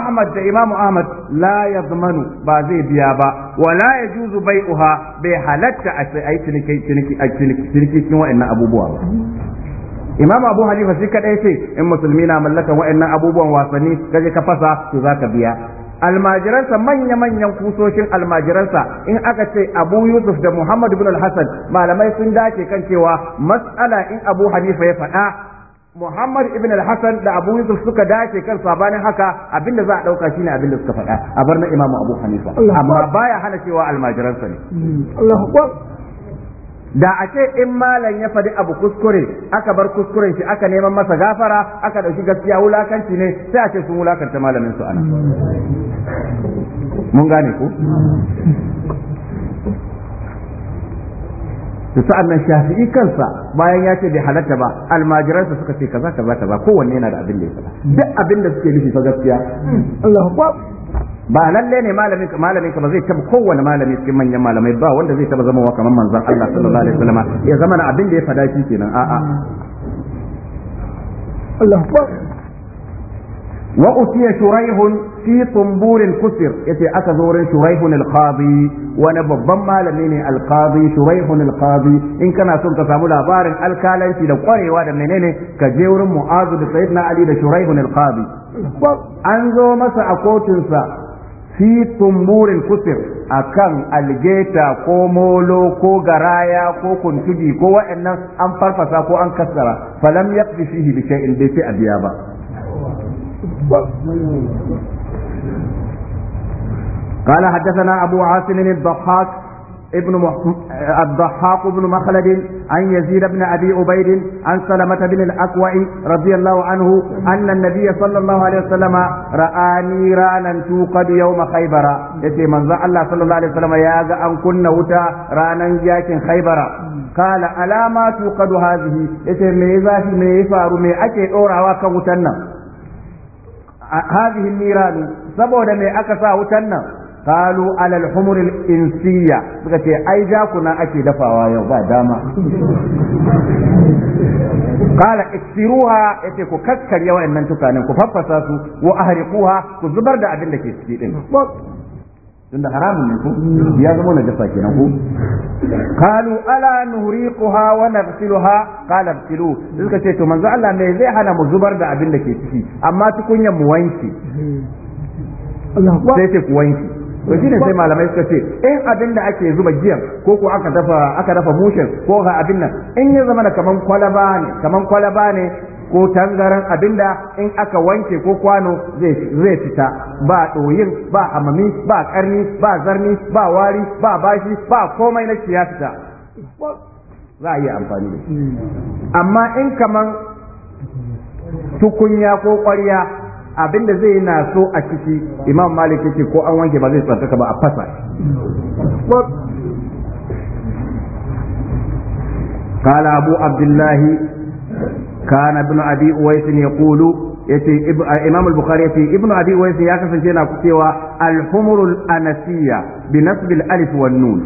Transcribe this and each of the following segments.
Ahmad da Imam Ahmad la ya ba zai biya ba wala ya juzu bai uha bai halatta a a ciniki cikin wa'annan abubuwa ba. Imam Abu Hanifa shi kadai ce in musulmi na mallakan wa'annan abubuwa wasanni kaje ka fasa to zaka biya almajiransa manya-manyan kusoshin almajiransa in aka ce abu yusuf da muhammad bin al malamai sun dace kan cewa mas'ala in abu hanifa ya faɗa Muhammad ibn al-Hasan da Abu Yusuf suka dace kan sabanin haka abinda za a dauka shine abinda suka faɗa a bar na Imam Abu Hanifa amma baya hana cewa almajiransa ne hmm, Allahu Akbar da a ce in malam ya faɗi abu kuskure aka bar kuskuren shi aka neman masa gafara aka ɗauki gaskiya wulakanci ne sai a ce sun wulakanta malamin su ana hmm. mun gane ku? Hmm. da sa'an nan shafi'i kansa bayan ya ce bai halatta ba almajiransa suka ce kaza kaza kaza kowanne yana da abin da ya faɗa duk abin da suke nufi fa gaskiya Allahu akbar ba lalle ne malamin ka malamin ka ba zai taba kowanne malami cikin manyan malamai ba wanda zai taba zama wa kamar manzon Allah sallallahu alaihi wasallam ya zama abin da ya faɗa shi kenan a'a Allahu akbar وأتي شريح في طنبور الكسر يتي أكذور شريح القاضي وانا ببما لمني القاضي شريح القاضي إن كان سلطة سامو لابار الكالن في دقوري وانا منيني كجيور معاذ سيدنا علي شريح القاضي أنزو مسا أكوتنسا في طنبور الكسر akan algeta ko molo ko garaya ko kuntugi ko wa'annan an farfasa ko an kassara falam yaqdi fihi bi shay'in bai sai abiya ba قال حدثنا أبو عاصم الضحاك ابن مح... الضحاك بن مخلد عن يزيد بن أبي عبيد عن سلمة بن الأكوع رضي الله عنه أن النبي صلى الله عليه وسلم رأى نيرانا توقد يوم خيبر يتي من الله صلى الله عليه وسلم يا أن كن وتا رانا ياكن خيبر قال ألا ما توقد هذه يتي ميزا في ميفار مي أكي أورا وكوتنا nira miradu saboda me aka sa wutan nan qalu ala al-humur al-insiyya suka ce ai jakuna ake dafawa yau ba dama qala iksiruha yace ku kakkarya wayannan tukanin ku faffasa su wa ahriquha ku zubar da abin da ke ciki tunda haramun ne ko ya zama na jasa kenan ko qalu ala nuriquha wa nafsiluha qala suka ce to manzo Allah me zai hana mu zubar da abin da ke ciki amma tukunyar mu wanke Allah sai ce ku wanke to shine sai malamai suka ce in abin da ake zuba giyan ko ko aka dafa aka dafa mushin ko ga abin nan in ya zama kaman kwalaba ne kaman kwalaba ne ko tangaran abinda in aka wanke ko kwano zai fita ba doyin ba amami ba karni ba zarni ba wari ba bashi ba komai na ya za a yi amfani da shi amma in kaman tukunya ko kwarya abinda zai na so a ciki imam malik yake ko an wanke ba zai ka ba a fasa قال أبو عبد الله kana ibn abi uwais yaqulu yace imam al-bukhari yace ibn abi uwais ya kasance yana cewa al-humur al-anasiyya bi nasb al-alif wan nun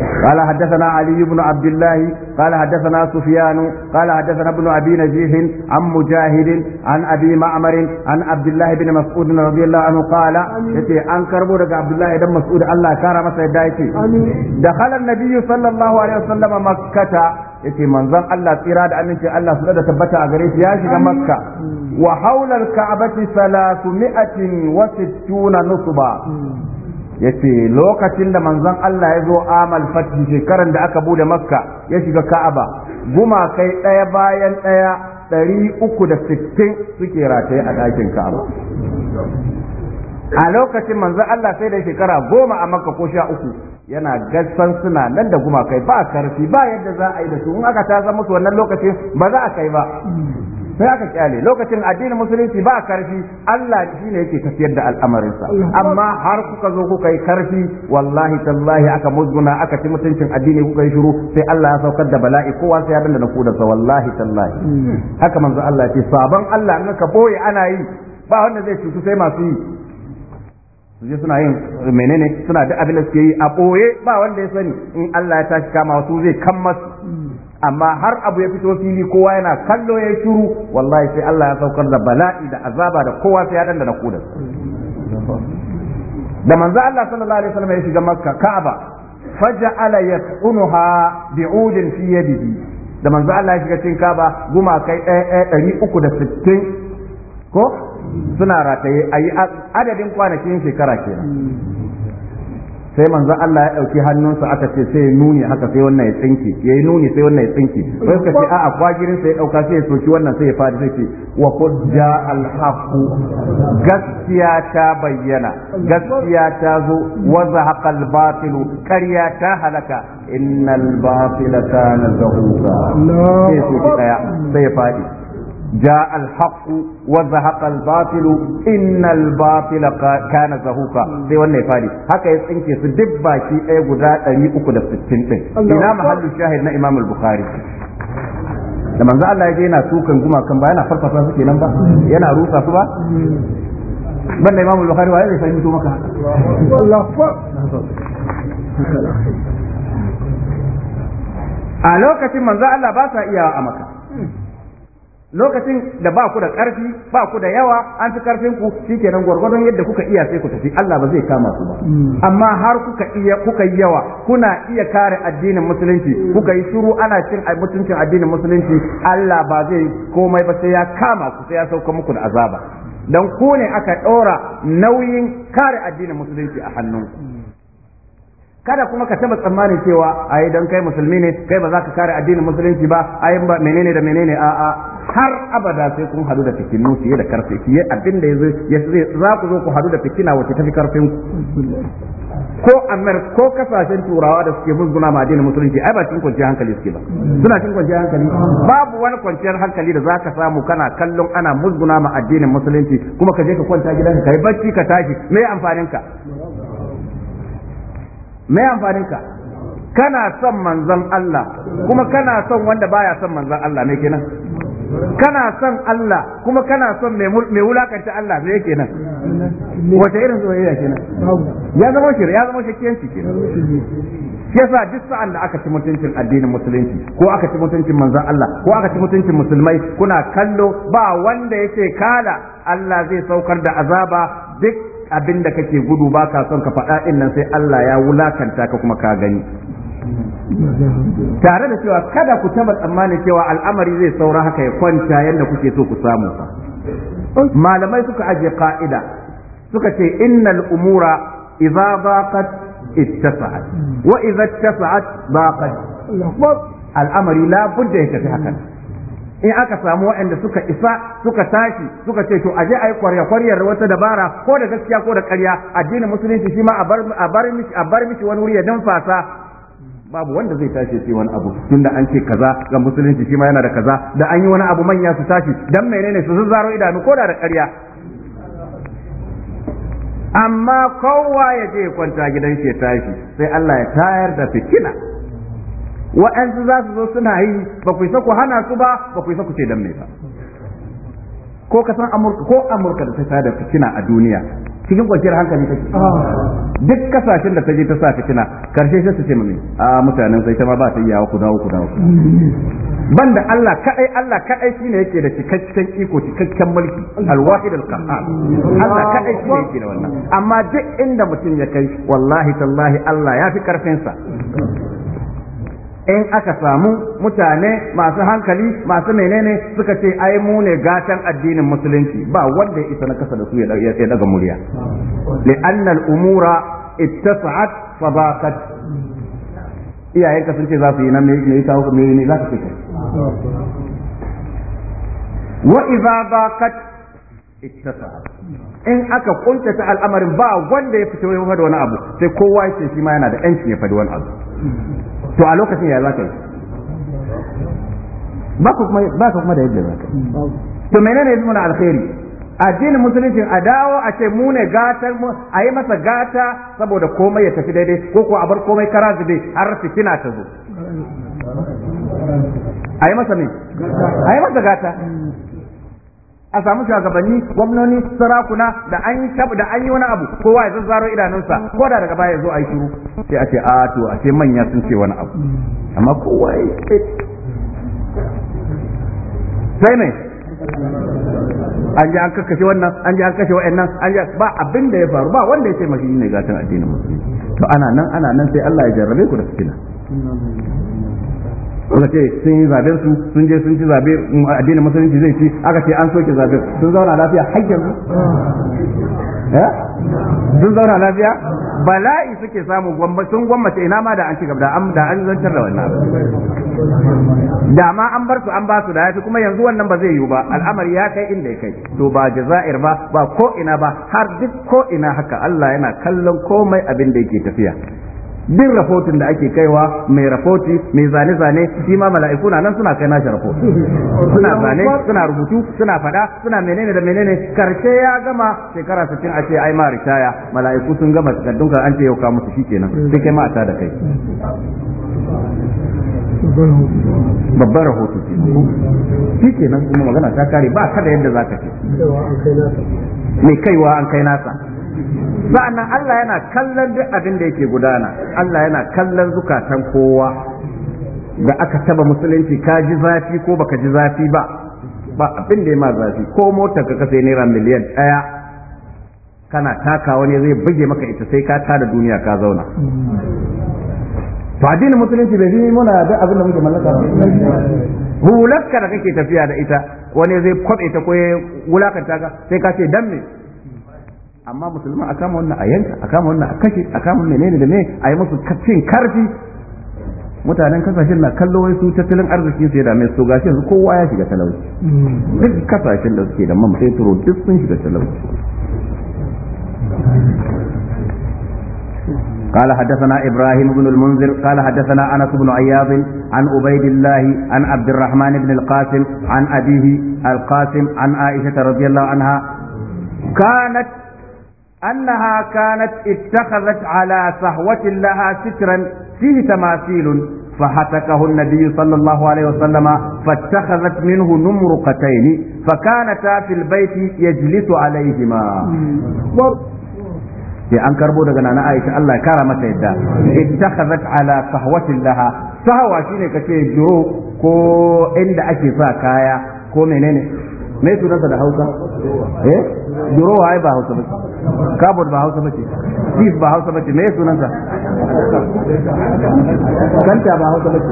قال حدثنا علي بن عبد الله قال حدثنا سفيان قال حدثنا ابن ابي نجيح عن مجاهد عن ابي معمر عن عبد الله بن مسعود رضي الله عنه قال يتي ان كربو دغ عبد الله بن مسعود الله كرم سيدايتي دخل النبي صلى الله عليه وسلم مكه yace manzon Allah tsira da aminci Allah su da tabbata a gare shi ya shiga Makka wa haula al-ka'bati 360 nusba hmm. yace lokacin da manzon Allah ya zo amal Fatih shekaran da aka bude Makka ya shiga Ka'aba guma kai daya bayan daya 360 suke rataye a ɗakin Ka'aba a lokacin manzon Allah sai da shekara goma a Makka ko sha uku yana gassan suna nan da gumakai ba karfi ba yadda za a yi da su in aka ta musu wannan lokacin ba za a kai ba sai aka kyale lokacin addinin musulunci ba karfi Allah shi ne yake tafiyar da al'amarinsa amma har kuka zo kuka yi karfi wallahi tallahi aka musguna aka ci mutuncin addini kuka yi shiru sai Allah ya saukar da bala'i kowa sai ya danda kudansa wallahi tallahi haka manzo Allah ya ce sabon Allah in ka boye ana yi ba wanda zai cutu sai masu yi Suje suna yin menene suna da abin da suke yi a ɓoye ba wanda ya sani in Allah ya tashi kama su zai kammas amma har abu ya fito fili kowa yana kallo ya shiru wallahi sai Allah ya saukar da bala'i da azaba da kowa sai ya danda na kudan da manzo Allah sallallahu alaihi wasallam ya shiga makka ka'aba faja'ala yas'unuha bi'udin fi yadihi da manzo Allah ya shiga cikin ka'aba guma ɗaya ɗaya ɗari uku da sittin ko suna rataye a yi adadin kwanakin shekara kenan sai manzo Allah ya ɗauki hannunsa aka ce sai nuni haka sai wannan ya tsinki ya yi nuni sai wannan ya tsinki wai suka ce a'a kwagirin sai ya ɗauka sai ya soki wannan sai ya fadi sai ce wa kujja alhaku gaskiya ta bayyana gaskiya ta zo wa zahaqa al batil ta halaka innal batila kana zahuqa sai soki ɗaya, sai ya fadi جاء الحق وزهق الباطل إن الباطل كان زهوقا دي wannan ya fari haka ya tsinke su duk baki ɗaya guda 360 din ina mahallu shahid na Imam al-Bukhari da manzo Allah ya je yana tukan gumakan ba yana farfasa su kenan ba yana rusa su ba banda Imam al-Bukhari wai zai fahimto maka Allah a lokacin manzo Allah ba sa iya a maka lokacin da ba ku da ƙarfi ba ku da yawa an fi ƙarfin ku shi shikenan gwargwadon yadda kuka iya sai ku tafi Allah ba zai kama ku ba hmm. amma har kuka iya kuka yawa kuna iya kare addinin musulunci kuka yi shiru ana cin mutuncin addinin musulunci Allah ba zai komai ba sai ya kama ku sai ya sauka muku da azaba dan ku ne aka ɗora nauyin kare addinin musulunci a hannunku kada kuma ka taba tsammanin cewa ai dan kai musulmi ne kai ba za ka kare addinin musulunci ba ai ba menene da menene a a har abada sai kun hadu da fitinu fiye da karfi fiye abin da yazo za ku zo ku hadu da fitina wace tafi karfin ku ko amar ko kasashen turawa da suke musguna ma addinin musulunci ai ba cikin kwanciyar hankali suke ba suna cikin kwanciyar hankali babu wani kwanciyar hankali da za ka samu kana kallon ana musguna ma addinin musulunci kuma ka je ka kwanta gidanka kai bacci ka tashi me amfanin ka me amfanin ka kana son manzon Allah kuma kana son wanda baya son manzon Allah me kenan kana son Allah kuma kana son mai wulakanta Allah me yake nan wace irin soyayya kenan ya zama shirya ya zama shakiyanci kenan yasa duk sa'an da aka ci mutuncin addinin musulunci ko aka ci mutuncin manzon Allah ko aka ci mutuncin musulmai kuna kallo ba wanda yake kala Allah zai saukar da azaba duk abin da kake gudu ba ka son ka faɗa ɗin nan sai Allah ya wulakanta ka kuma ka gani tare da cewa kada ku taɓa tsammanin cewa al'amari zai saura haka ya kwanta yadda kuke so ku samu sa malamai suka aje ka'ida suka ce innal umura idza daqat ittasa'at wa idza ittasa'at daqat al'amari la budda ya tafi hakan in aka samu waɗanda suka isa suka tashi suka ce to aje ayi kwarya kwaryar wata dabara ko da gaskiya ko da ƙarya addinin musulunci shi ma a bar mishi a bar mishi wani wuri ya fasa. babu wanda zai tashi ce wani abu tunda an ce kaza ga musulunci shi ma yana da kaza da an yi wani abu manya su tashi dan menene su zaro idanu ko da da ƙarya amma kowa ya je kwanta gidan shi ya tashi sai Allah ya tayar da fitina wa'ansu za su zo suna yi ba ku isa ku hana su ba ba ku isa ku ce dan me ba ko ka san amurka ko amurka da ta sada fitina a duniya cikin kwanciyar hankali take duk kasashen da ta je ta sa fitina karshe sai su ce mami a mutanen sai ta ma ba ta yi ku dawo ku dawo banda Allah kadai Allah kadai shine yake da cikakken iko cikakken mulki alwahid wahid Allah kadai shine yake da wannan amma duk inda mutum ya kai wallahi tallahi Allah ya fi karfin sa in aka samu mutane masu hankali masu menene suka ce ai mu ne gatan addinin musulunci ba wanda ya isa na kasa da su ya daga murya li annal umura ittasa'at fadaqat iyayen ka sun ce za su yi nan me ne kawo me ne za ka ce wa idza baqat ittasat in aka kuntata al'amarin ba wanda ya fita ya fada wani abu sai kowa yake shi ma yana da yanci ya fadi wani abu to a lokacin ya za ka yi ba ka kuma da yadda za ka yi to menene yanzu na alkhairi addinin musulunci a dawo a ce mu ne gata, mu a yi masa gata saboda komai ya tafi daidai ko ko a bar komai kara zube har fitina ta zo a yi masa ne a yi masa gata a samu shugabanni gwamnoni sarakuna da an yi da an yi wani abu kowa ya zazzaro idanunsa ko da daga baya zo a yi shiru sai a ce a to a ce manya sun ce wani abu amma kowa ya ce sai ne an ji an kakkashe wannan an ji an kashe wa'annan an ji ba abin da ya faru ba wanda ya ce mashi ne gatan addinin musulmi to ana nan ana nan sai Allah ya jarrabe ku da fitina suka ce sun yi zaben su sun je sun ci zabe addinin musulunci zai ci aka ce an soke zabe sun zauna lafiya har yanzu eh? sun zauna lafiya bala'i suke samu sun gwammace ina ma da an ci gaba da an zancar da wannan da ma an bar su an ba su da yafi kuma yanzu wannan ba zai yiwu ba al'amari ya kai inda ya kai to ba jaza'ir ba ba ko ina ba har duk ko ina haka Allah yana kallon komai abin da yake tafiya Bin rahoton da ake kaiwa mai rahoti mai zane-zane shi ma mala'iku na nan suna kai nashi rahoti suna zane suna rubutu suna fada suna menene da menene karshe ya gama shekara sittin a ce ai ma ritaya mala'iku sun gama takardun ka an ce yau ka musu shikenan sai kai ma da kai babban rahoto ke shi kenan kuma magana ta kare ba kada yadda za ka ce mai kaiwa an kai nasa sa'annan Allah yana kallon duk abin da yake gudana Allah yana kallon zukatan kowa da aka taba musulunci ka ji zafi ko baka ji zafi ba ba abin da ya ma zafi ko motar ka kasai naira miliyan ɗaya kana taka wani zai buge maka ita sai ka tada duniya ka zauna to musulunci bai yi muna da abin da muke mallaka hulakka da kake tafiya da ita wani zai kwabe ta ko wulakanta ka sai ka ce dan me amma musulman a kama wannan a yanka a kama wannan a kashe a kama menene da ne a yi musu cin karfi mutanen kasashen na kallo wai su tattalin arzikin sai da mai su gashi su kowa ya shiga talauci duk kasashen da suke da sai turo duk sun shiga talauci قال حدثنا إبراهيم بن المنذر قال حدثنا أنس بن عياض عن عبيد الله عن عبد الرحمن بن القاسم عن أبيه القاسم عن عائشه رضي الله عنها كانت أنها كانت اتخذت على صهوة لها سترا فيه تماثيل فهتكه النبي صلى الله عليه وسلم فاتخذت منه نمرقتين فكانتا في البيت يجلس عليهما في أن كربو دقنا أنا عائشة الله كرمة إدا اتخذت على صهوة لها صهوة شيني كشي جو كو إند أشي فاكايا كو منيني ميتو نصد حوصة إيه durowa ai ba hausa bace kabod ba hausa bace tis ba hausa bace me sunanta kanta ba hausa bace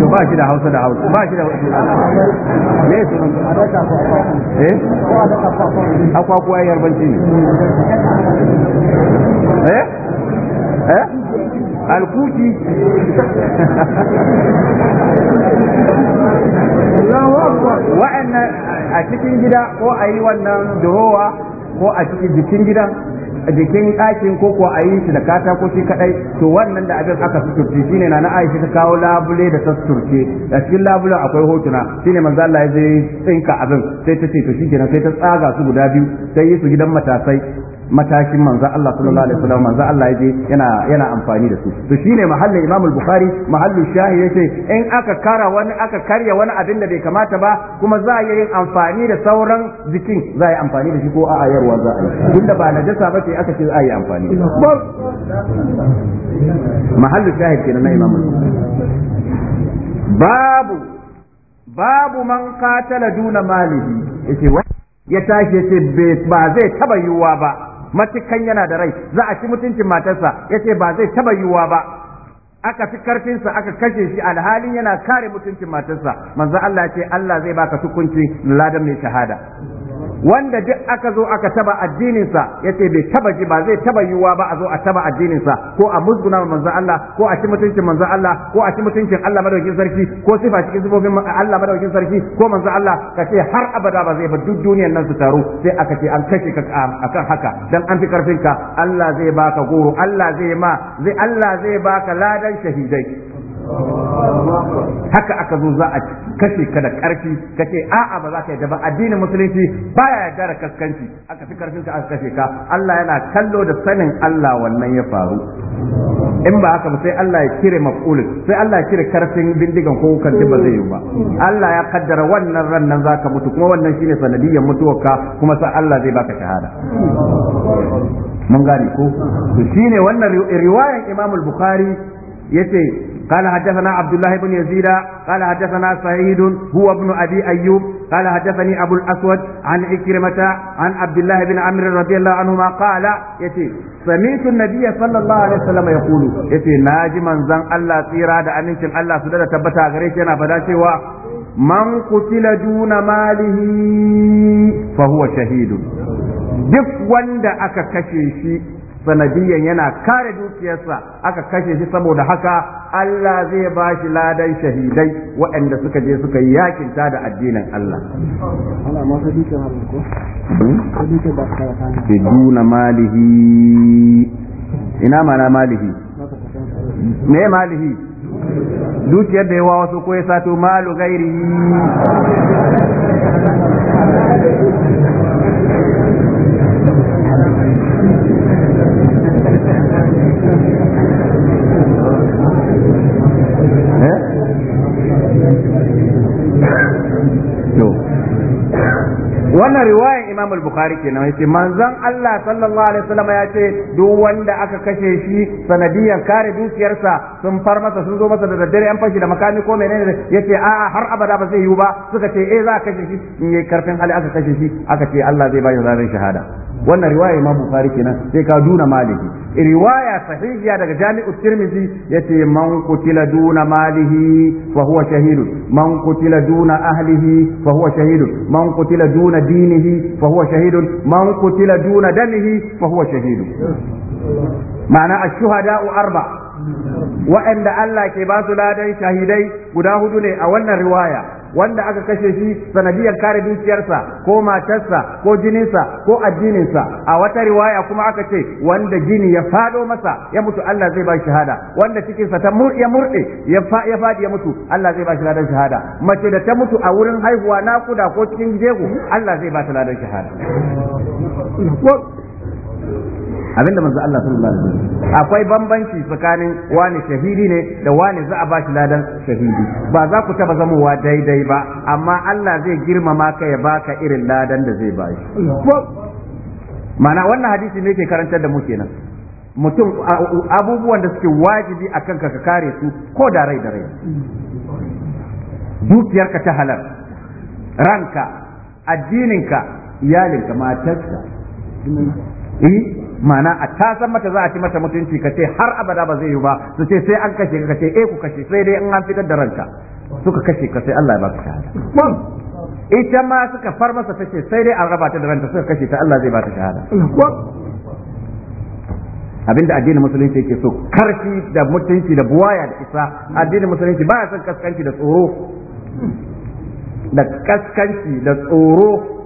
to ba shi da hausa da hausa ba shi da me sunanta eh akwa kuwa yarbanci ne eh eh alkuki wa'annan a cikin gida ko a yi wannan durowa ko a cikin jikin gidan jikin ɗakin ko kuwa a yi shi da katako shi kaɗai, to wannan da abin aka suturce shine na na Aisha ta kawo labule da ta suturce da cikin labulen akwai hotuna shine manzo Allah ya tsinka abin sai ta ce to kenan sai ta tsaga su guda biyu sai yi su gidan matasai matakin manzo Allah sallallahu alaihi wasallam manzo Allah yaje yana yana amfani da su to shine mahallin Imam al-Bukhari mahallin shahi yace in aka kara wani aka karya wani abin da bai kamata ba kuma za a yi amfani da sauran zikin za a yi amfani da shi ko a ayarwa za a yi tunda ba najasa ba sai aka ce za a yi amfani mahallin shahi kenan na Imam babu babu man qatala duna malihi yace ya tashi yace ba zai taba yiwuwa ba matukan yana da rai za a ci mutuncin matarsa Ya ce ba zai taba yiwuwa ba aka fi karfinsa aka kashe shi alhalin yana kare mutuncin matarsa manzo Allah ce Allah zai baka hukunci ladan mai shahada wanda duk aka zo aka taba addininsa ya ce bai taba ji ba zai taba yiwuwa ba a zo a taba addininsa ko a musguna ma manzon Allah ko a ci mutuncin manzon Allah ko a ci mutuncin Allah madaukin sarki ko sifa cikin sifofin Allah madaukin sarki ko manzon Allah ka ce har abada ba zai ba duk duniyar nan su taru sai aka ce an kashe ka akan haka dan an fi karfin ka Allah zai baka goro Allah zai ma zai Allah zai baka ladan shahidai haka aka zo za a kashe ka da karfi kace a'a ba za ka yadda ba addinin musulunci baya yarda da kaskanci aka fi karfin ka aka kashe ka Allah yana kallo da sanin Allah wannan ya faru in ba haka ba sai Allah ya kire maf'ulin sai Allah ya kire karfin bindigan ko kan ba zai yi ba Allah ya kaddara wannan ran nan zaka mutu kuma wannan shine sanadiyyar mutuwarka kuma sai Allah zai baka shahada mun gane ko to shine wannan riwayar Imamul al-Bukhari yace قال حدثنا عبد الله بن يزيد قال حدثنا سعيد هو ابن أبي أيوب قال حدثني أبو الأسود عن عكرمة عن عبد الله بن عمرو رضي الله عنهما قال يتي سمعت النبي صلى الله عليه وسلم يقول يتي ناجي من زن الله سيرا دا أمينكم الله سدد تبتا غريش أنا فدا من قتل دون ماله فهو شهيد duk wanda aka kashe shi sanadiyan yana kare dukiyarsa aka kashe shi saboda haka Allah zai ba shi ladan shahidai waɗanda suka je suka yi yakin da addinin Allah. Ana hmm? malihi. Ina mana malihi? Me malihi? Dukiyar da yawa wasu ko ya sato malu gairi. wannan riwayan Imam al-Bukhari kenan yace manzon Allah sallallahu alaihi wasallam ya ce duk wanda aka kashe shi sanadiyan kare dukiyarsa sun far masa sun zo masa da daddare an fashi da makami ko menene yace a'a har abada ba zai yiwu ba suka ce eh za ka kashe shi in yayi karfin hali aka kashe shi aka ce Allah zai ba shi shahada wannan riwaya Imam Bukhari kenan sai ka duna maliki riwaya sahihiya daga jami'u ya ce man kutila duna malihi fa huwa shahidun man kutila duna ahlihi fa huwa shahidun man kutila duna dinihi fa huwa shahidun man kutila duna damihi fa huwa shahidun ma'ana ash-shuhada'u arba wa'anda Allah ke basu su ladan shahidai guda hudu ne a wannan riwaya wanda aka kashe shi sanadiyar kare dukiyarsa ko matarsa ko jininsa ko addininsa a wata riwaya kuma aka ce wanda gini ya fado masa ya mutu Allah zai ba shahada wanda cikin sa ta ya murde ya fadi ya mutu Allah zai ba shi ladan shahada mace da ta mutu a wurin haihuwa nakuda ko cikin jego Allah zai ba ta ladan shahada abinda manzo Allah sallallahu alaihi wasallam akwai bambanci tsakanin wani shahidi ne da wani za a ba shi ladan shahidi ba za ku taba zamowa daidai ba amma Allah zai girmama ka ya baka irin ladan da zai bashi mana wannan hadisi ne ke karantar da mu kenan mutum abubuwan da suke wajibi akan ka kare su ko da rai da rai dukiyarka ta halar, ranka addininka iyalinka matarka eh? ma'ana a ta san mata za a ci mata mutunci ka ce har abada ba zai yi ba su ce sai an kashe ka ce eh ku kashe sai dai in an fitar da ranka suka kashe ka sai Allah ya baka shahada ita ma suka far masa tace sai dai an raba ta da ranta suka kashe ta Allah zai baka shahada abinda addinin musulunci yake so karfi da mutunci da buwaya da isa addinin musulunci ba ya son kaskanci da tsoro da kaskanci da tsoro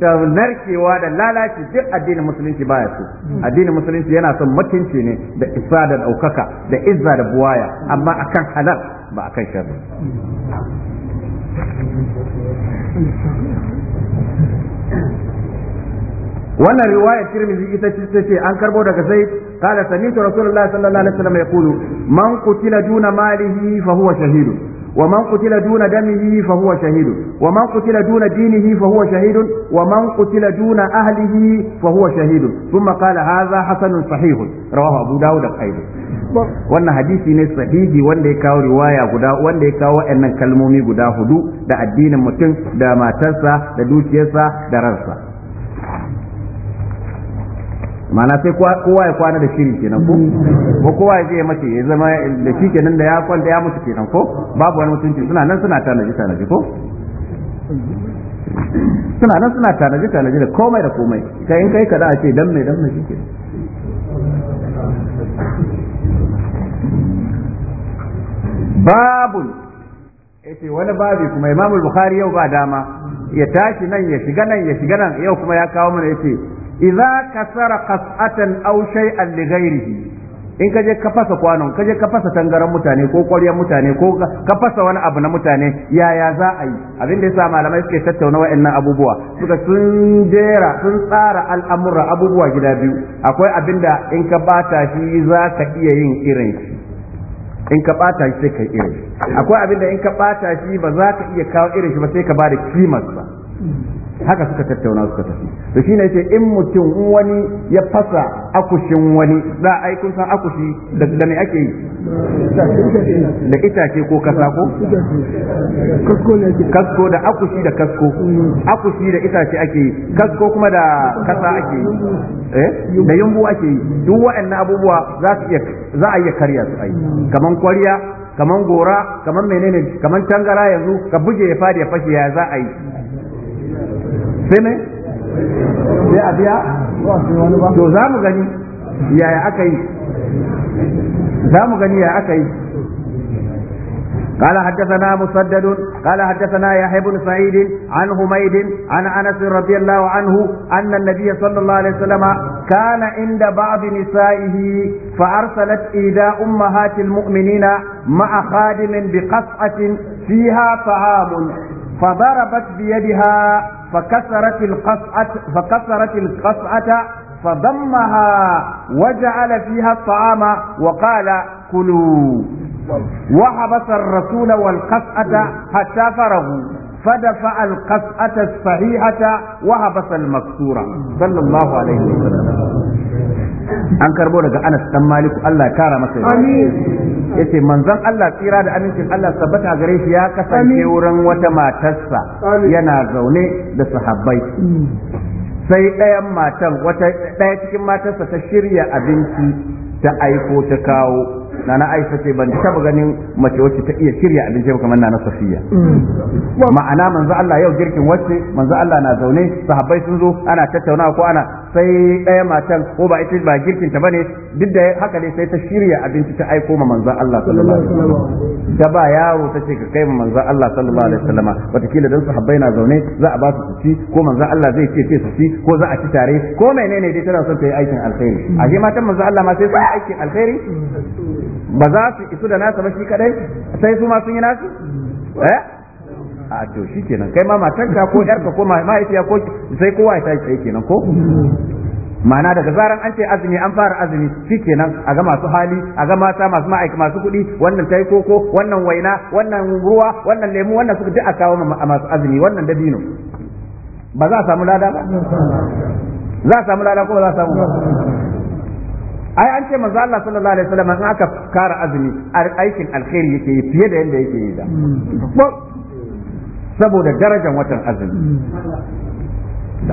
da narkewa da lalaci duk addinin musulunci baya so hmm. addinin musulunci yana son mutunci ne da isa da ɗaukaka da izza da buwaya amma akan halal ba akan sharri wannan riwaya tirmizi ita ce tace an karbo daga kala qala to rasulullahi sallallahu alaihi wasallam kulu man qutila duna malihi fa huwa shahidun ومن قتل دون دمه فهو شهيد ومن قتل دون دينه فهو شهيد ومن قتل دون أهله فهو شهيد ثم قال هذا حسن صحيح رواه أبو داود أيضا wannan hadisi ne sahihi wanda ya kawo riwaya guda wanda ya kawo waɗannan kalmomi guda hudu da addinin mutum da matarsa da dukiyarsa da rarsa. ma'ana sai kowa ya kwana da shiri kenan ko mm. ko kowa ya je ya mace ya zama da shi kenan da ya kwanta ya mutu kenan ko babu wani mutunci suna nan suna tanaji tanaji ko suna nan suna tanaji tanaji da komai da komai kai in kai kada a ce dan mai dan mai shi kenan Babu yace wani babi kuma imamul bukhari yau ba dama ya tashi nan ya shiga nan ya shiga nan yau kuma ya kawo mana yace idza kasara qas'atan aw shay'an li ghairihi in ka je ka fasa kwanon ka je ka fasa tangaran mutane ko ƙwaryar mutane ko ka fasa wani abu na mutane yaya za a yi abin da yasa malamai suke tattauna wa'annan abubuwa suka sun jera sun tsara al'amura abubuwa gida biyu akwai abin da in ka bata shi za ka iya yin irin shi in ka bata shi sai ka irin akwai abin da in ka bata shi ba za ka iya kawo irin shi ba sai ka bada kimar sa haka suka tattauna suka tafi to shine yace in mutum in wani ya fasa akushin wani da ai kun san akushi da me ake yi da itace ko kasa ko kasko da akushi da kasko akushi da itace ake yi kasko kuma da kasa ake yi eh da yumbu ake yi duk waɗannan abubuwa za su iya za a iya karya su ai kaman kwariya kaman gora kaman menene kaman tangara yanzu ka buge ya fadi ya fashe ya za a yi sai ne sai a biya to za mu gani yaya aka yi za mu gani yaya aka yi قال حدثنا مسدد قال حدثنا يحيى بن سعيد عن حميد عن انس رضي الله عنه ان النبي صلى الله عليه وسلم كان عند بعض نسائه فارسلت الى امهات المؤمنين مع خادم بقصعه فيها طعام فضربت بيدها فكسرت القصعة فكسرت القصعة فضمها وجعل فيها الطعام وقال كلوا وحبس الرسول والقصعة حتى فرغوا فدفع القصعة الصحيحة وهبس المكسورة صلى الله عليه وسلم an karbo daga Anas dan Maliku Allah ya kara masa amin yace manzon Allah tsira da amincin Allah sabbata gare shi ya kasance wurin wata matarsa yana zaune da sahabbai sai ɗayan matan wata ɗaya cikin matarsa ta shirya abinci ta aiko ta kawo nana aisha ce ban taba ganin mace wacce ta iya shirya abinci kamar nana safiya mm. ma'ana manzo Allah yau girkin wacce manzo Allah na zaune sahabbai sun zo ana tattaunawa ko ana sai ɗaya matan ko ba ita ba girkinta ne duk da haka ne sai ta shirya abinci ta aiko ma manzon Allah sallallahu alaihi wasallam ta ba yawo ta ce ka kai ma manzon Allah sallallahu alaihi wasallam wataƙila dan sahabbai na zaune za a ba su su ci ko manzon Allah zai ce ce su ci ko za a ci tare ko menene dai tana son ta yi aikin alkhairi a matan manza Allah ma sai su yi aikin alkhairi ba za su isu da nasa ba shi kadai sai su ma sun yi nasu eh a to shi kenan kai ma ka ko ka ko mahaifiya ko sai kowa ya tashi kenan ko ma'ana daga zaran an ce azumi an fara azumi kenan a ga masu hali a ga mata masu ma'aik masu kuɗi wannan tai koko wannan waina wannan ruwa wannan lemu wannan suka duk a kawo masu azumi wannan dabino ba za a samu lada ba za a samu lada ko ba za a samu ba ai an ce manzo Allah sallallahu alaihi wasallam in aka kara azumi aikin alkhairi yake fiye da yadda yake yi da saboda darajar watan azumi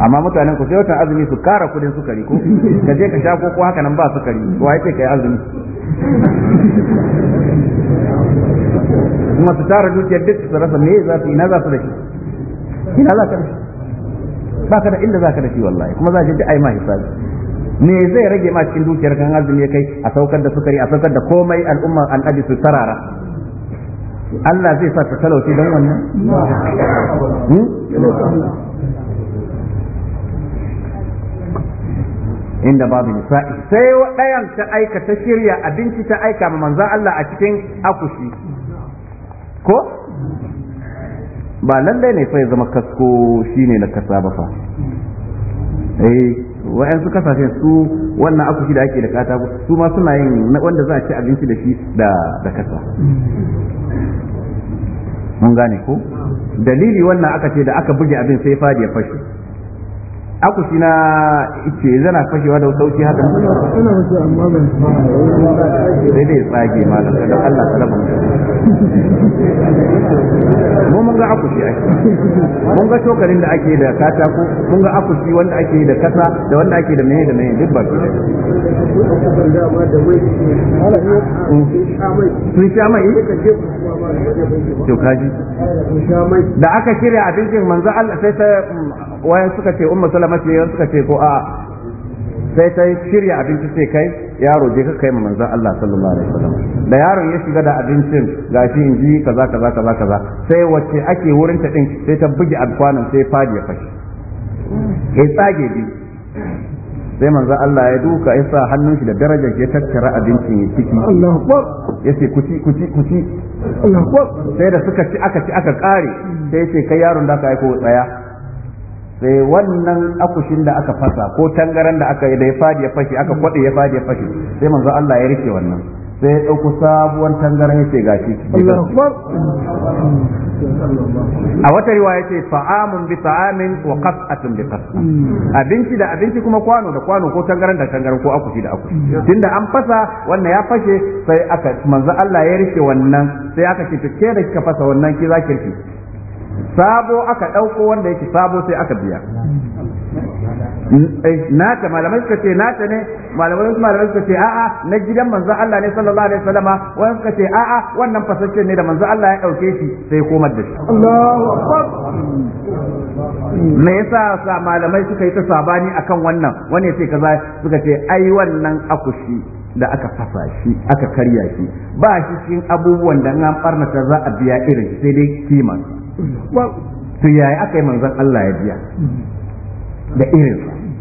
amma mutanen ku sai watan azumi su kara kudin sukari ko ka je ka sha ko ko haka nan ba sukari wa sai kai azumi kuma su tara dukiyar duk su rasa me za su ina za su da shi ina za ka da shi ba ka da inda za ka da shi wallahi kuma za ka ji ai ma hisabi me zai rage ma cikin dukiyar kan azumi kai a saukar da sukari a saukar da komai al'umma al'adi su tarara Allah zai sa ka talauci don wannan hmm? inda babu nisa'i sai ɗayan ta aika ta shirya abinci ta aika ma manzan Allah a cikin akushi ko ba lallai ne fa zama kasko shine na kasa ba fa eh wa'yansu kasashen su wannan akushi da ake da katako su ma suna yin wanda za a ci abinci da shi da kasa mun gane ko dalili wannan aka ce da aka buge abin sai fadi ya fashe akushi na ice zana fashewa da sauki haka ina wace amma ban sai dai tsage malam da Allah salama mu mun ga akushi ake mun ga tokarin da ake da katako mun ga akushi wanda ake da kasa da wanda ake da meye da meye duk ba su da sun sha mai to da aka shirya abincin manzo Allah sai ta mm, wayan suka ce umma salama ce wayan suka ce ko a sai ta shirya abinci sai kai yaro je ka kai ma manzon Allah sallallahu alaihi wasallam da yaron ya shiga da abincin gashi in ji kaza kaza kaza kaza sai wacce ake wurin ta din sai ta bugi alkwanin sai fadi ya fashi sai tsage bi sai manzon Allah ya duka ya sa hannun shi da darajar ya tattara abincin ya ciki Allahu akbar ya ce kuci kuci kuci Allahu akbar sai da suka ci aka ci aka kare sai ya ce kai yaron da ka aiko tsaya sai wannan akushin da aka fasa ko tangaran da aka da ya fadi ya fashi aka kwade ya fadi ya fashi sai manzo Allah ya rike wannan sai ya dauko sabuwar tangaran yace gashi a wata riwaya ce fa'amun bi ta'amin wa qas'atun bi qas'a abinci da abinci kuma kwano da kwano ko tangaran da tangaran ko akushi da akushi tunda an fasa wannan ya fashe sai aka manzo Allah ya rike wannan sai aka ce ke da kika fasa wannan ki za ki rike sabo aka ɗauko wanda yake sabo sai aka biya eh, nata malamai suka ce nata ne malamai su malamai suka ce a'a na gidan manzo Allah ne sallallahu alaihi wasallama wani suka ce a'a wannan fasace ne da manzo Allah ya dauke shi sai komar da shi Allahu akbar me yasa sa malamai suka yi ta sabani akan wannan wani sai kaza suka ce ai wannan akushi da aka fasa shi aka karya shi ba shi cikin abubuwan da an barnata za a biya irin sai dai kiman to yaya aka yi manzan Allah ya biya da irin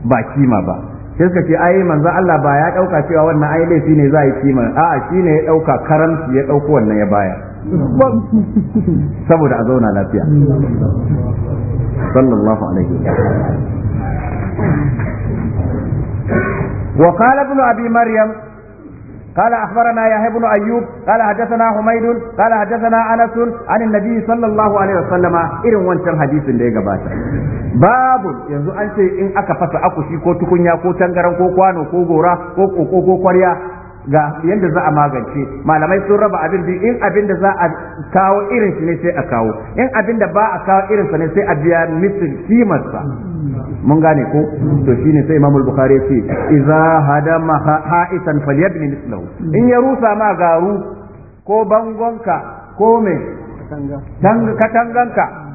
ba kima ba sai suka ce ai manzan Allah ba ya dauka cewa wannan ai laifi ne za a yi kima a'a shine ya dauka karamci ya dauko wannan ya baya saboda a zauna lafiya sallallahu alaihi wa qala ibn abi maryam قال أخبرنا يحيى بن أيوب قال حدثنا حميد قال حدثنا أنس عن النبي صلى الله عليه وسلم إرن وانتر حديث اللي قبات باب ينزو أنت إن أكفت أكو شي كو تكنيا كو تنغران كو كوانو كو غورا كو كو كو كوريا ga yadda za a magance malamai sun raba abin biyu in abin da za a kawo irin shi ne sai a kawo in abin da ba a kawo irin sa ne sai a biya mitin kimarsa mun gane ko to shine sai imamul bukhari ce idza hadama ha'isan falyabni mislahu in ya rusa ma garu ko bangonka ko me katanganka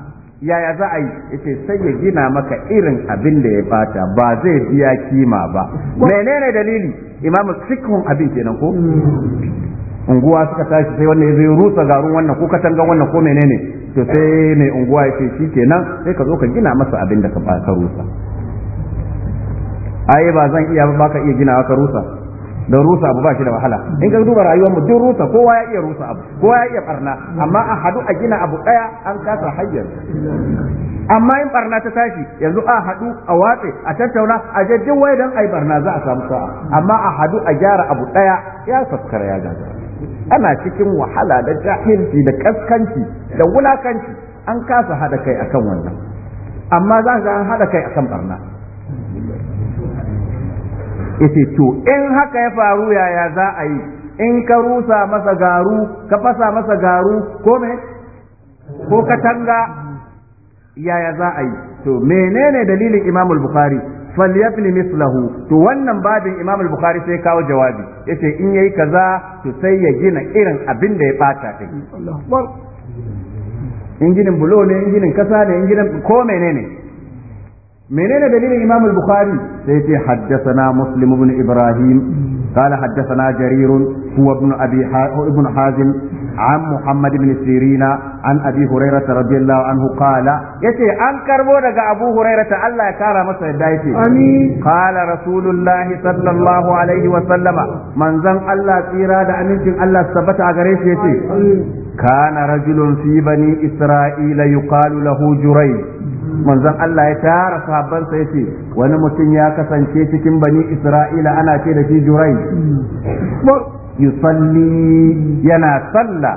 yaya za a yi ita sai ya gina maka irin abin da ya bata ba zai biya kima ba menene dalili imam sikhun abin kenan ko unguwa suka tashi sai wannan zai rusa garun wannan ko katangan wannan ko menene to sai mai unguwa ya ce shi kenan sai ka zo ka gina masa abin da ka rusa ai ba zan iya ba ka iya gina ka rusa don rusa abu ba shi da wahala in ka duba rayuwar mu duk rusa kowa ya iya rusa abu kowa ya iya barna amma a hadu a gina abu daya an kasa hayyar amma in barna ta tashi yanzu a hadu a watse a tattauna a jajjin wai don ai barna za a samu sa'a amma a hadu a gyara abu daya ya saskara ya gagara ana cikin wahala da jahilci da kaskanci da wulakanci an kasa hada kai akan wannan amma za ka an hada kai akan barna yace to in haka ya faru yaya za a yi in ka rusa masa garu ka fasa masa garu ko me ko katanga yaya za a yi to menene dalilin Imam al bukhari falyafli mislahu to wannan babin imam al-bukhari sai kawo jawabi yace in yayi kaza to sai ya gina irin abin da ya bata kai in ginin bulo ne in kasa ne in ko menene menene dalilin Imam al-Bukhari sai ce haddathana Muslim ibn Ibrahim قال حدثنا جرير هو ابن ابي ابن حازم عن محمد بن سيرين عن ابي هريره رضي الله عنه قال يتي ان كربو دغ ابو هريره الله يكرم مسا يتي قال رسول الله صلى الله عليه وسلم من زن الله تيرا da amincin Allah tabbata a gare shi yace كان رجل في بني إسرائيل يقال له جريج manzon Allah ya tara sahabbansa ya ce wani mutum ya kasance cikin bani Isra'ila ana ce da shi Jurai yusalli yana sallah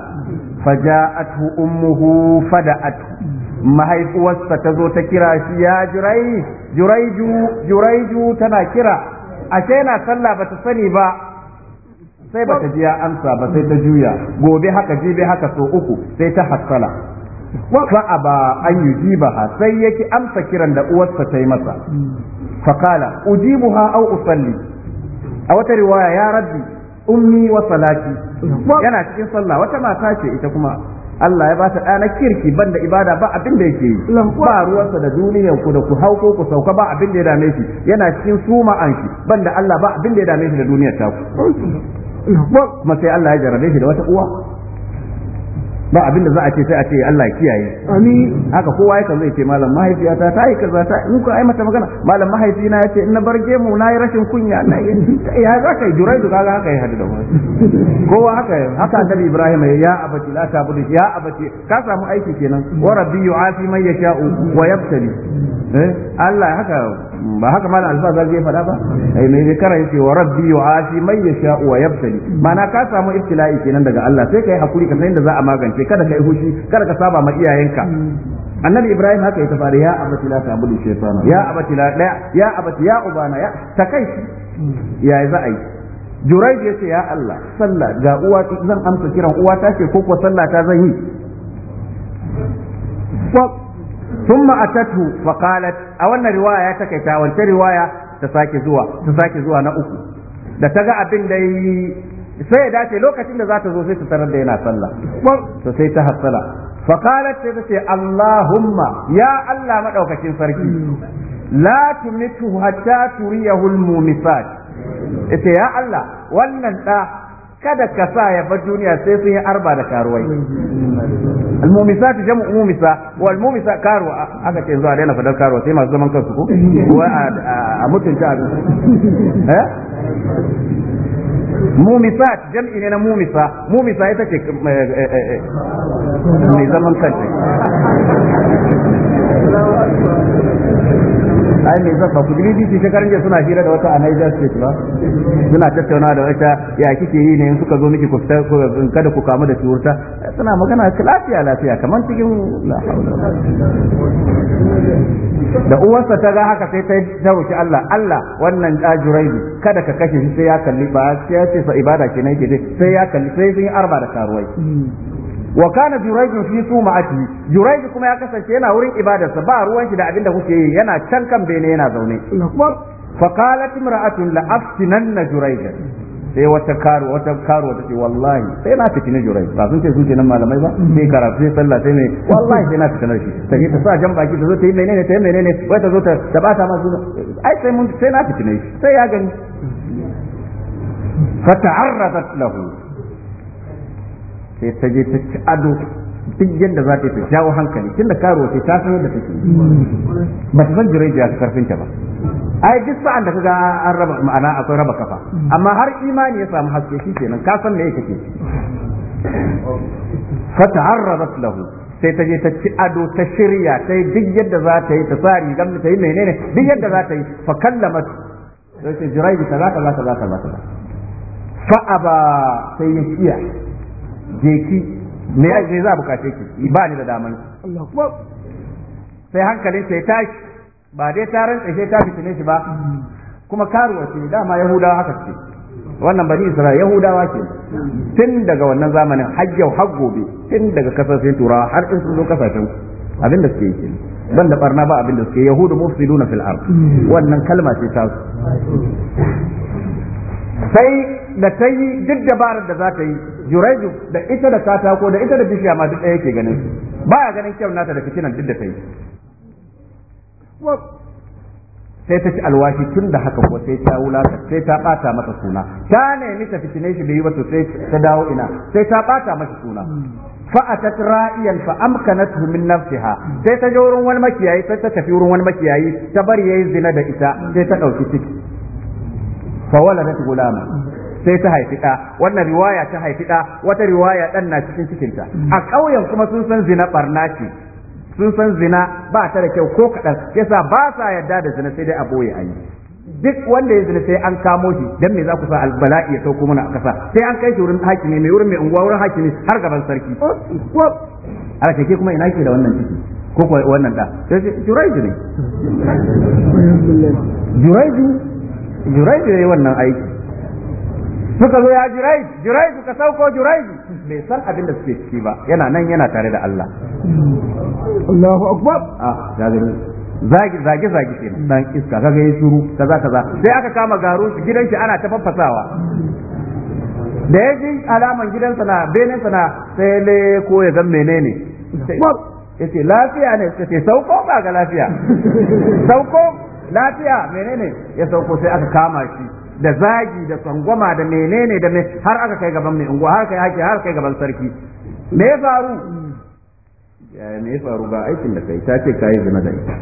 faja'athu ummuhu fada'athu mahaifuwarsa ta zo ta kira shi ya Jurai Juraiju tana kira ashe yana sallah bata sani ba sai bata ji ya amsa ba sai ta juya gobe haka jibe haka so uku sai ta hassala fa aba an ha sai yake amsa kiran da uwarsa ta yi masa fa kala ujibuha aw usalli a wata riwaya ya rabbi ummi wa salati yana cikin sallah wata mata ce ita kuma Allah ya ba ta ɗana kirki banda ibada ba abin da yake yi ba ruwansa da duniyan ku da ku hau ko ku sauka ba abin da ya dame shi yana cikin suma an shi banda Allah ba abin da ya dame shi da duniyar ta ku kuma sai Allah ya jarabe shi da wata uwa ba abin da za a ce sai a ce Allah ya kiyaye amin haka kowa yakan zai ce malam mahaifiyata ta yi kaza ta in ku ai mata magana malam mahaifina ya ce in na bar gemu na yi rashin kunya na ya za ka yi jurai da ga haka ya hadu da wani kowa haka haka da ibrahim ya abati la tabudu ya abati ka samu aiki kenan wa rabbi yu'afi man yasha'u wa yabtali eh Allah haka ba haka malam za zai faɗa ba ai eh, mai zai kara yace wa rabbi yu'afi man yasha'u wa yabtali ma'ana ka samu ibtila'i kenan daga Allah sai kai hakuri ka san inda za a magance kada kai hushi kada ka saba ma iyayenka annabi ibrahim haka ya fara ya abati la ta'budu shaytana ya abati la ya abati ya ubana ya takai ya za a yi jurai ya ce ya Allah sallah ga uwa zan amsa kiran uwa ta ce ko kuwa sallah ta zan yi ثم أتته فقالت أولا رواية تكيتا وانت رواية تساكي زوا تساكي زوا نأكو da ta ga abin da yi sai ya dace lokacin da za ta zo sai ta tarar da yana sallah to sai ta hassala Fakalat sai ta ce allahumma ya allah madaukakin sarki la tumitu hatta turiyahu almumisat ita ya allah wannan da kada ka sa ya bar duniya sai sun yi arba da karuwai Al-mumisa ta jama'u mumisa wa al-mumisa karuwa aka ce zuwa daina fadar karuwa sai masu zaman kansu ko wa a mutunta abin eh ta jam'i ne na mumisa mumisa ita ce eh, eh, eh, mai zaman kanta ai mai zafa ku dili dili shekaran jiya suna hira da wata a Niger State ba suna tattauna da wata ya kike yi ne in suka zo miki ku kada ku kamu da ciwurta suna magana lafiya lafiya kamar cikin la haula da uwarsa ta ga haka sai ta dauki Allah Allah wannan ajuraibi kada ka kashe shi sai ya kalli ba sai ya ce fa ibada nake dai sai ya kalli sai sun yi arba da karuwai wa kana jurayj fi suma'ati jurayj kuma ya kasance yana wurin ibadarsa ba ruwan shi da abinda kuke yi yana can kan bene yana zaune fa qalat imra'atun la aftinanna jurayj sai wata karu wata karu wata ce wallahi sai na fitina jurai ba sun ce ce nan malamai ba mm. sai karatu sai sallah sai mai wallahi sai na fitina shi ta ta sa jan baki ta zo ta yi menene ta yi menene wai ta zo ta tabata bata masu ai sai mun sai na fitina shi sai ya gani mm. fata'arradat lahu sai ta je ta ci ado duk yadda za ta yi ta jawo hankali tun da karo ce ta san da take ba ta san jirai ta karfin ta ba ai duk sa'an da kaga an raba ma'ana akwai raba kafa amma har imani ya samu haske shi kenan ka san me kake fa ta'arrabat lahu sai ta je ta ci ado ta shirya ta yi duk yadda za ta yi ta tsari, rigar ta yi menene duk yadda za ta yi fa kallamat sai ta jirai ta ta za za ta za ta fa aba sai ya kiya je ki me ne za a bukace ki ba ni da daman sai hankalin sai tashi ba dai ta rantsa sai ta fitine shi ba kuma karuwa ce dama yahudawa haka ce wannan bani isra'ila yahudawa ke tun daga wannan zamanin hajjau har gobe tun daga kasar sai turawa har in sun zo kasashen abin da suke yi ban da barna ba abin da suke yahudu mufsiduna fil ard wannan kalma ce ta sai da ta yi duk dabarar da za ta yi Juraiju da ita da katako da ita da bishiya ma duk ɗaya yake ganin su ya ganin kyau nata da fitinan duk da ta yi sai ta ci alwashi tun da haka ko sai ta wulata sai ta bata masa suna ta nemi ta fitine shi bai yi ba to sai ta dawo ina sai ta bata masa suna fa atat ra'iyan fa amkanathu min nafsiha sai ta je wurin wani makiyayi sai ta tafi wurin wani makiyayi ta bari yayi zina da ita sai ta dauki ciki fa waladat gulama sai ta haifi ɗa wannan riwaya ta haifi ɗa wata riwaya ɗan na cikin cikinta a ƙauyen kuma sun san zina barna ce sun san zina ba ta da kyau ko kaɗan yasa ba sa yarda da zina sai dai a boye a yi duk wanda ya zina sai an kamo shi dan me za ku sa albala'i ya sauko mana a ƙasa sai an kai shi wurin hakimi mai wurin mai unguwa wurin hakimi har gaban sarki ala ke kuma ina ke da wannan ciki ko ko wannan da juraiji ne juraiji juraiji ne wannan aiki suka zo ya jirai jirai ka sauko jirai bai san abin da suke ciki ba yana nan yana tare da Allah Allahu akbar ah zagi zagi zagi ce dan iska kaga yayi shuru kaza kaza sai aka kama garu shi gidan shi ana ta faffasawa da ya ji alaman gidansa na benin na sai le ko ya zan menene ya ce lafiya ne suka ce sauko ba ga lafiya sauko lafiya menene ya sauko sai aka kama shi da zagi da tsangwama da menene da me har aka kai gaban mai unguwa har kai ake har kai gaban sarki me ya faru yaya me ya faru ba aikin da kai ta ce yi zina da ita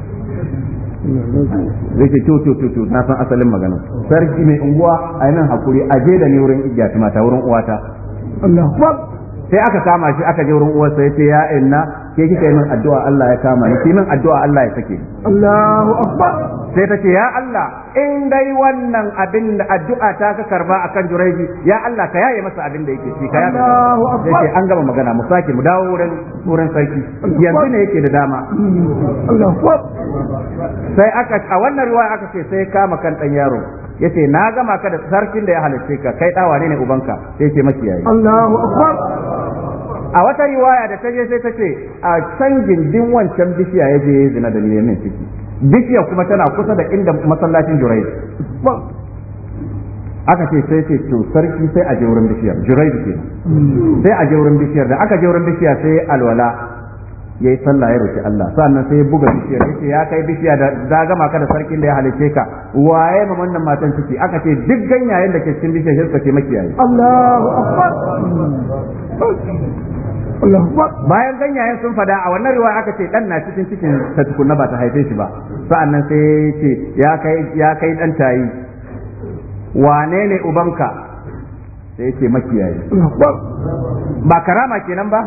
zai ce to to to na san asalin magana sarki mai unguwa a nan hakuri a je da ni wurin igiya mata wurin uwata Allah sai aka kama shi aka je wurin uwarsa yace ya inna ke kike yi min addu'a Allah ya kama ni min addu'a Allah ya sake Allahu akbar sai ta ce ya Allah in dai wannan abin da addu'a ta ka karba akan Juraiji ya Allah ka yaye masa abin da yake ci ka yaye Allahu akbar yace an gama magana mu sake mu dawo wurin wurin sarki yanzu ne yake da dama Allahu akbar sai aka a wannan riwaya aka ce sai kama kan dan yaro yace na gama ka da sarkin da ya halicce ka kai dawa ne ne ubanka sai ce yayi Allahu akbar a wata riwaya da ta sai ta ce a can gindin wancan bishiya ya je zina da nemin ciki bishiya kuma tana kusa da inda masallacin jurai aka ce sai ce to sarki sai a je wurin bishiyar jurai ke hmm. sai a je wurin bishiyar da aka je wurin bishiya sai alwala yayi sallah ya roƙi Allah sannan sai ya buga bishiya ce ya kai bishiya da da gama ka da sarkin da ya halice ka waye ma wannan matan ciki aka ce duk ganyayen da ke cikin bishiya sai suka ce makiyayi Allahu akbar bayan ganyayen sun fada a wannan riwaya aka ce dan na cikin cikin ta tukunna ba ta haife shi ba sa'annan sai ya ce ya kai ya kai dan tayi wane ne ubanka sai ce makiyayi ba karama kenan ba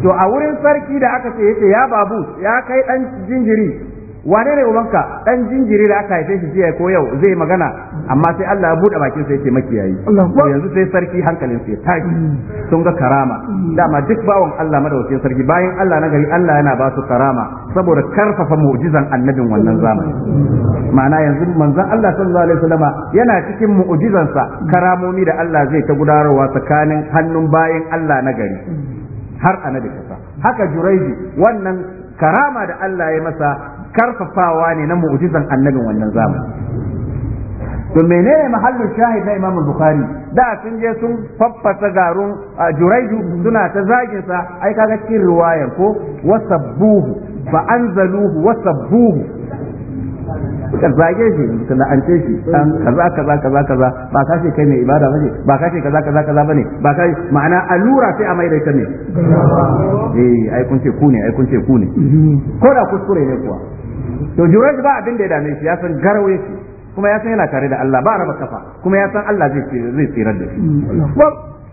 to a wurin sarki da aka ce yace ya babu ya kai dan jinjiri wane ne ubanka dan jinjiri da aka haife shi jiya ko yau zai magana amma sai Allah ya bude bakin sa yace makiyayi yanzu sai sarki hankalin sa ya tashi mm. sun ga karama mm. dama duk bawon Allah madaukakin sarki bayan Allah na gari Allah yana ba su karama saboda karfafa mu'jizan annabin wannan zamani mm. ma'ana yanzu manzon Allah sallallahu alaihi wasallama yana cikin mu'jizan sa karamomi da Allah zai ta gudanarwa tsakanin hannun bayan Allah na gari har annabi kasa haka juraiji wannan karama da Allah ya masa karfafawa ne na mu'jizan annabin wannan zamani to menene mahallin shahid na Imam Bukhari da sun je sun faffasa garun Juraiju suna ta zagin sa ai kaga cikin riwayar ko wasabbuhu fa anzaluhu wasabbuhu ka zage shi ka ce shi kan kaza kaza kaza kaza ba ka ce kai mai ibada bane ba ka ce kaza kaza kaza bane ba ka ma'ana allura sai a mai da ne eh ai kun ce ku ne ai kun ce ku ne ko da kuskure ne kuwa to jurej ba abin da ya dame shi ya san garwaye shi kuma ya san yana tare da Allah ba raba kafa kuma ya san Allah zai zai tsira da shi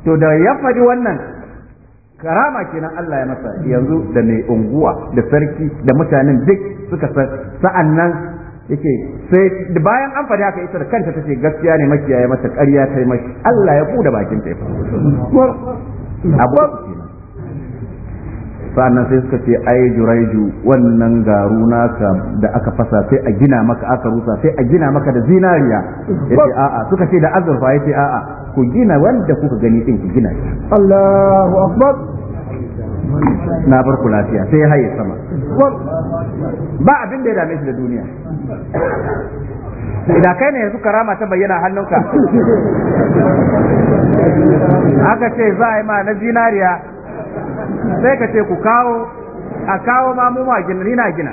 to da ya faɗi wannan karama kenan Allah ya masa yanzu da mai unguwa da sarki da mutanen duk suka san sa'an nan yake sai da bayan an faɗi haka ita da kanta tace gaskiya ne makiyaye mata ƙarya ta mashi Allah ya bude bakin ta abuwa sa'annan sai suka ce ai juraiju wannan garu naka da aka fasa sai a gina maka aka rusa sai a gina maka da zinariya yace a'a suka ce da azurfa yace a'a ku gina wanda kuka gani din ku gina shi Allahu akbar na bar lafiya sai haye sama ba abin da ya dame shi da duniya idan kai ne yanzu karama ta bayyana hannunka aka ce za a yi ma na zinariya sai ka ce ku kawo a kawo ma mu gina ni na gina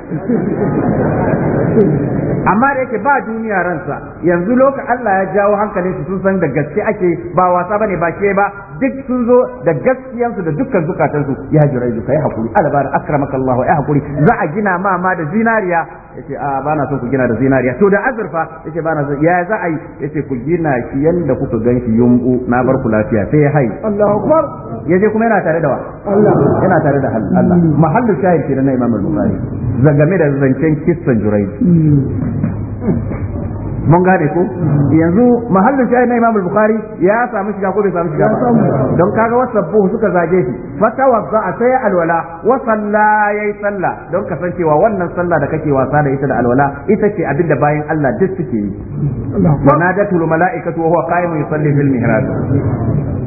amma da yake ba duniya ransa yanzu loka Allah ya jawo hankalin su sun san da gaske ake ba wasa bane ba ke ba duk sun zo da gaskiyan su da dukkan zukatan su ya jirai duka ya hakuri albar akramakallahu ya hakuri za a gina ma ma da zinariya yace a ba na so ku gina da zinariya to da azurfa yace ba na so ya za a yi yace ku gina shi yanda kuka ganki shi yumbu na bar ku lafiya sai ya hai Allahu akbar yaje kuma yana tare da wa Allah yana tare da Allah mm. mahallu shahid kenan na Imam Bukhari zagame da zancen kissan Jurayj mm. mun gane ko yanzu mahallin shi na Imam Bukhari ya samu shiga ko bai samu shiga ba don kaga sabbu suka zage shi a sai alwala wa salla yayi salla don cewa wannan salla da kake wasa da ita da alwala ita ce abin da bayan Allah duk suke yi wa nadatul malaikatu wa huwa qa'imun yusalli fil mihrab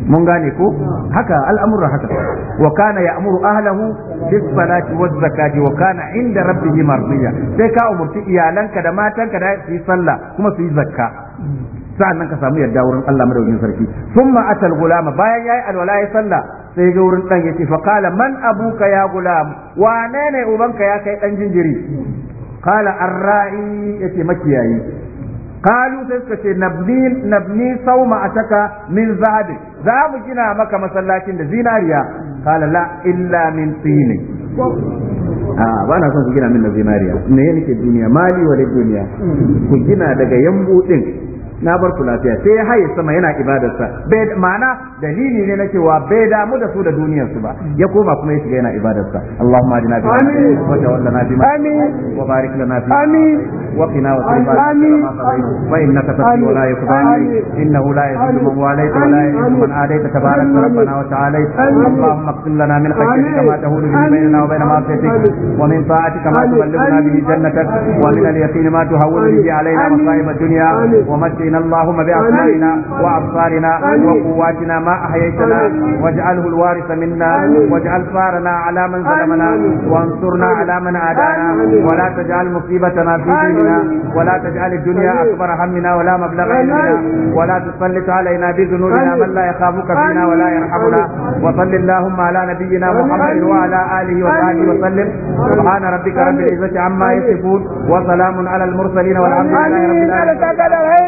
mun gane ko haka al'amurra haka wa kana amuru ahlahu bis salati waz zakati wa kana inda rabbih sai ka umurci iyalanka da matanka da su yi sallah kuma su yi zakka sa'annan ka samu yarda wurin Allah madaukakin sarki summa atal gulama bayan yayi alwala ya sallah sai ga wurin dan yace fa qala man abuka ya gulam wane ne ubanka ya kai dan jinjiri qala arra'i yace makiyayi قالوا تسكت نبني نبني صوم أتك من ذهب ذهب جنا مكة da زيناريا قال لا إلا من طين a ba na son su gina min zinariya me ya duniya mali wa duniya ku gina daga yambu din na bar ku lafiya sai ya haye sama yana ibadarsa bai ma'ana dalili ne na cewa bai damu da su da duniyar su ba ya koma kuma ya shiga yana ibadarsa Allahumma wa amin wa barik lana fi amin wa qina wa qina amin wa innaka wa la innahu la man wa la man tabarak rabbana wa ta'ala Allahumma lana min tahulu bainana wa bain wa min tuballighuna wa min al ma tuhawwilu alayna ad-dunya wa متنا اللهم بأسمائنا وأبصارنا وقواتنا ما أحييتنا واجعله الوارث منا واجعل ثارنا على من ظلمنا وانصرنا على من عادانا ولا تجعل مصيبتنا في ديننا ولا تجعل الدنيا أكبر همنا ولا مبلغ علمنا ولا تسلط علينا بذنوبنا من لا يخافك فينا ولا يرحمنا وصل اللهم على نبينا محمد وعلى آله وصحبه وسلم سبحان ربك رب العزة عما يصفون وسلام على المرسلين والحمد لله رب العالمين